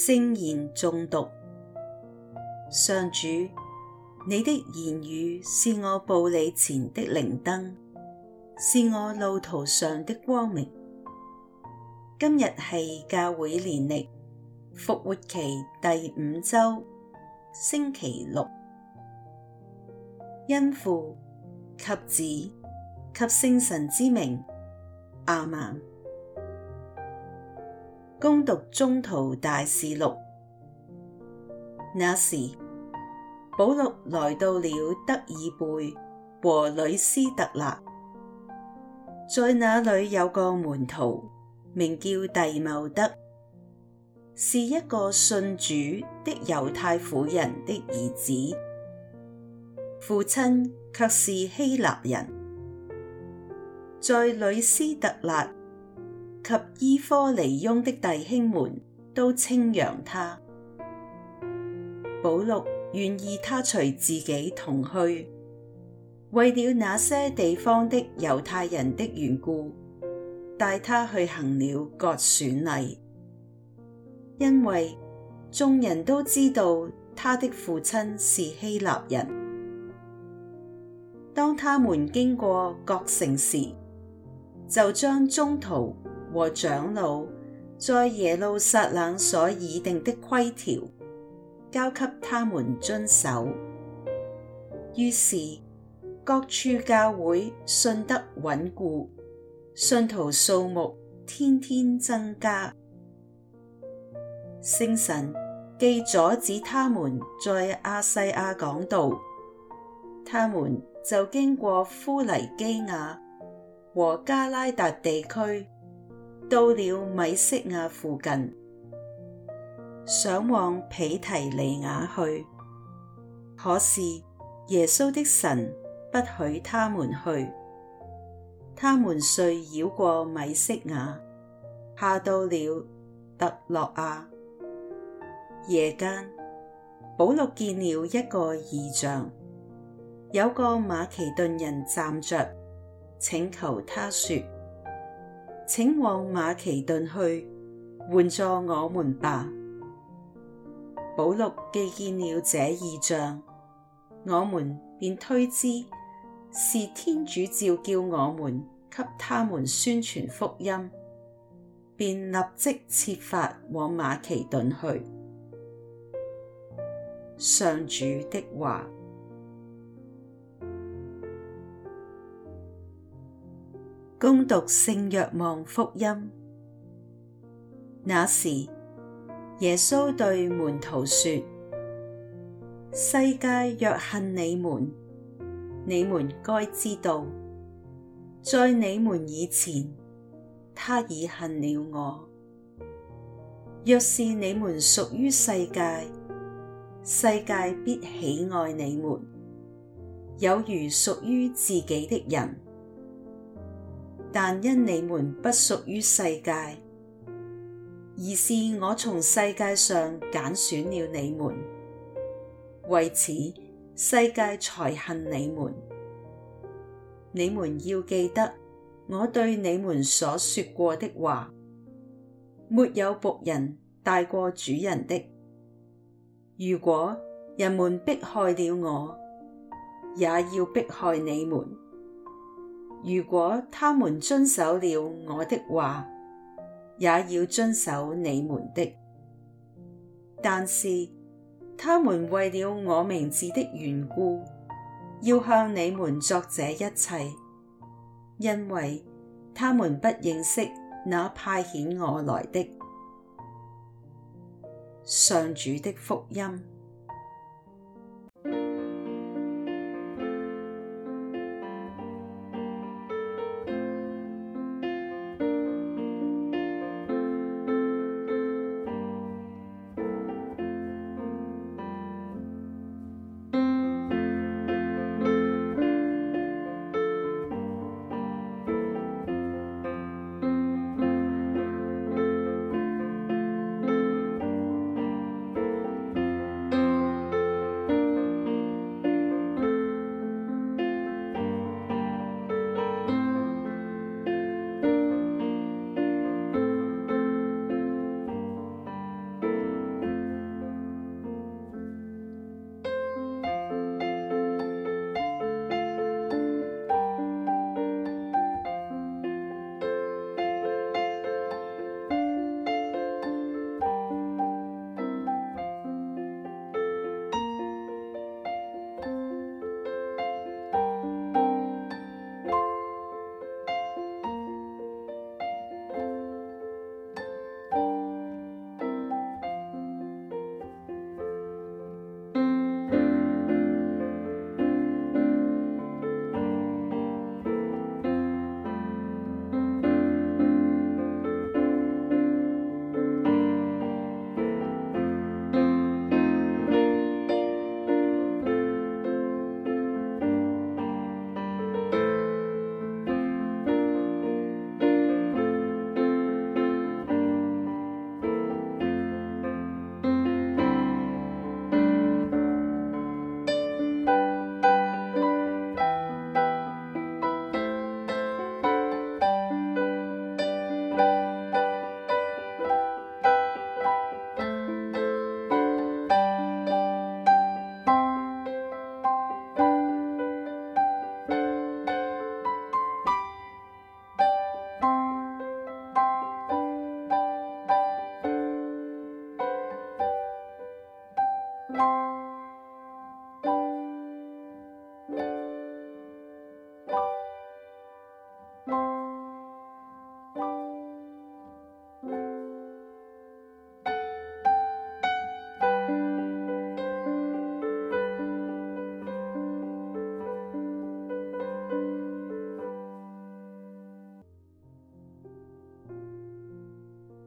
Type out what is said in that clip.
聖言誦讀。上主，你的言語是我步履前的靈燈，是我路途上的光明。今日係教會年曆復活期第五周，星期六，因父及子及聖神之名，阿門。恭讀宗徒大事錄，那時保祿來到了德爾貝和呂斯特辣，在那裏有個門徒名叫弟茂德，是一個信主的猶太婦人的兒子，父親卻是希臘人，在呂斯特辣。及依科尼雍的弟兄們都稱揚他。保祿願意他隨自己同去，為了那些地方的猶太人的緣故，帶他去行了割損禮，因為眾人都知道他的父親是希臘人。當他們經過各城時，就將宗徒。和長老在耶路撒冷所議定的規條，交給他們遵守，於是各處教會信德穩固，信徒數目天天增加。聖神既阻止他們在亞細亞講道，他們就經過夫黎基雅和加拉達地區。到了米息雅附近，想往彼提尼雅去，可是耶穌的神不許他們去。他們遂繞過米息雅，下到了特洛阿。夜間，保祿見了一個異象，有個馬其頓人站着，請求他說。請往馬其頓去，援助我們吧。保祿既見了這異象，我們便推知是天主召叫我們，給他們宣傳福音，便立即設法往馬其頓去。上主的話。恭讀聖若望福音。那時，耶穌對門徒說：世界若恨你們，你們該知道，在你們以前，他已恨了我。若是你們屬於世界，世界必喜愛你們，有如屬於自己的人。但因你們不屬於世界，而是我從世界上揀選了你們，為此世界才恨你們。你們要記得我對你們所說過的話：沒有僕人大過主人的。如果人們迫害了我，也要迫害你們。如果他們遵守了我的話，也要遵守你們的。但是他們為了我名字的緣故，要向你們作這一切，因為他們不認識那派遣我來的。上主的福音。